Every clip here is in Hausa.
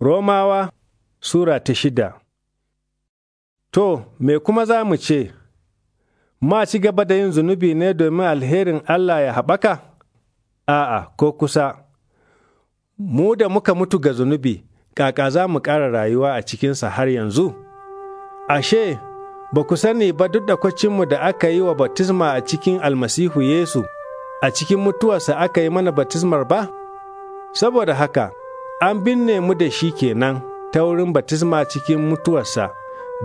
Romawa Sura ta shida To, me kuma za mu ce, ma ci gaba da yin zunubi ne domin alherin Allah ya haɓaka? A'a, ko kusa, mu da muka mutu ga zunubi, kaka za mu ƙara rayuwa a cikinsa har yanzu? Ashe, ba ku sani ba duk da kwacinmu da aka yi wa batisma a cikin almasihu Yesu, a cikin mutuwarsa aka yi mana batismar ba? Saboda haka, an binne mu da shi kenan ta wurin batisma cikin mutuwarsa,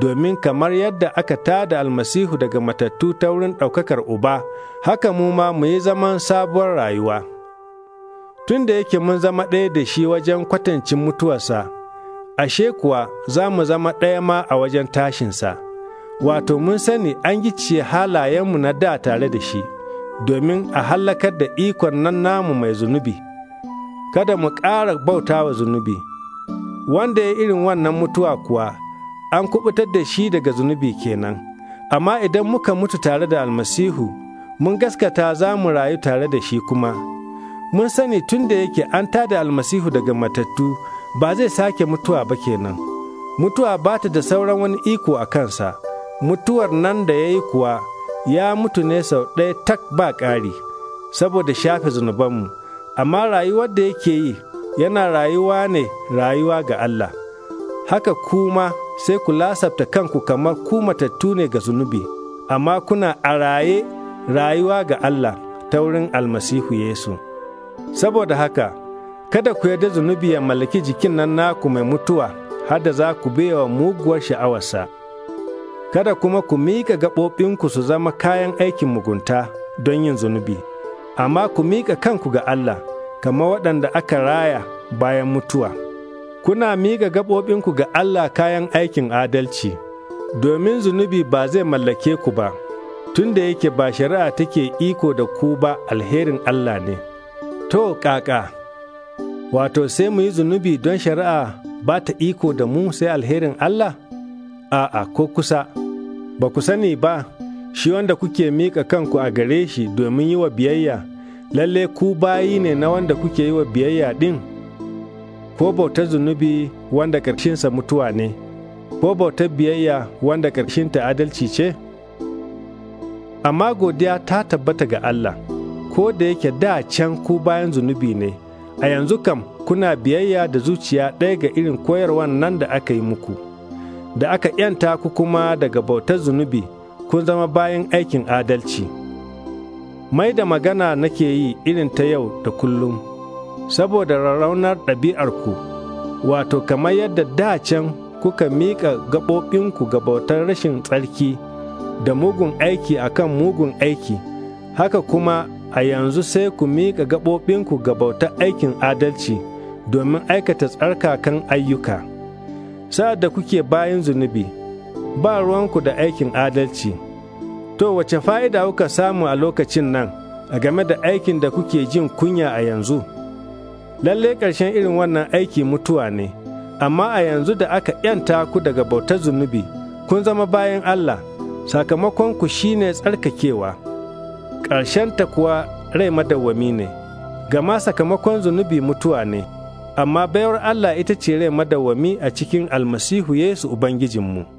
domin kamar yadda aka tada almasihu daga matattu ta wurin ɗaukakar uba, haka mu ma mu yi zaman sabuwar rayuwa. Tun da yake mun zama ɗaya da shi wajen kwatancin mutuwarsa, ashe kuwa za mu zama ɗaya ma a wajen tashinsa. Wato mun sani an gicciye halayenmu na da tare da shi, domin a hallakar da ikon nan namu mai zunubi. kada mu ƙara bauta wa zunubi wanda ya irin wannan mutuwa kuwa an kubutar da shi daga zunubi kenan amma idan muka mutu tare da almasihu mun gaskata za mu rayu tare da shi kuma mun sani tun da yake an tada almasihu daga matattu ba zai sake mutuwa ba kenan mutuwa ba ta da sauran wani iko a kansa mutuwar nan da ya yi kuwa ya mutu ne sau ɗaya tak ba ƙari saboda shafe zunubanmu amma rayuwar da yake yi yana rayuwa ne rayuwa ga Allah. Haka kuma sai ku lasafta kanku kamar ku matattu ne ga zunubi, amma kuna a raye rayuwa ga Allah ta wurin almasihu Yesu. Saboda haka, kada ku yarda zunubi ya mallaki jikin nan naku mai mutuwa har da za ku wa muguwar sha'awarsa. Kada kuma ku miƙa gaɓoɓinku su zama kayan aikin mugunta don yin zunubi. amma ku mika kanku ga Allah, kamar waɗanda aka raya bayan mutuwa. Kuna miƙa gaɓoɓinku ga Allah kayan aikin adalci, domin zunubi ba zai mallake ku ba, tun da yake ba shari'a take iko da ku ba alherin Allah ne. To, ƙaƙa, wato sai mu yi zunubi don shari'a ba ta iko da mu sai alherin Allah? A'a, ko kusa, ba ku sani ba. shi wanda kuke mika kanku a gare shi domin yi wa biyayya, lalle ku bayi ne na wanda kuke yi wa biyayya ɗin, ko bautar zunubi wanda ƙarshinsa mutuwa ne, ko bautar biyayya wanda ƙarshenta adalci ce? Amma godiya ta tabbata ga Allah, ko da yake da can ku bayan zunubi ne, a yanzu kam kuna biyayya da zuciya ɗaya ga irin koyarwan nan da aka yi muku, da aka ‘yanta ku kuma daga bautar zunubi. kun zama bayan aikin adalci. Mai da magana nake yi irin ta yau da kullum, saboda rarraunar ɗabi'arku, wato kamar yadda da can kuka miƙa gaɓoɓinku ga bautar rashin tsarki da mugun aiki a kan mugun aiki, haka kuma a yanzu sai ku miƙa gaɓoɓinku ga bautar aikin adalci domin aikata tsarkakan ayyuka. Sa'ad da kuke bayan zunubi. ba ruwanku da aikin adalci. To wace fa'ida kuka samu a lokacin nan a game da aikin da kuke jin kunya a yanzu? Lalle ƙarshen irin wannan aiki mutuwa ne, amma a yanzu da aka ‘yanta ku daga bautar zunubi, kun zama bayan Allah, sakamakonku shi ne tsarkakewa, ƙarshenta kuwa rai madawwami ne, gama sakamakon zunubi mutuwa ne, amma baiwar Allah ita ce rai madawwami a cikin almasihu Yesu Ubangijinmu.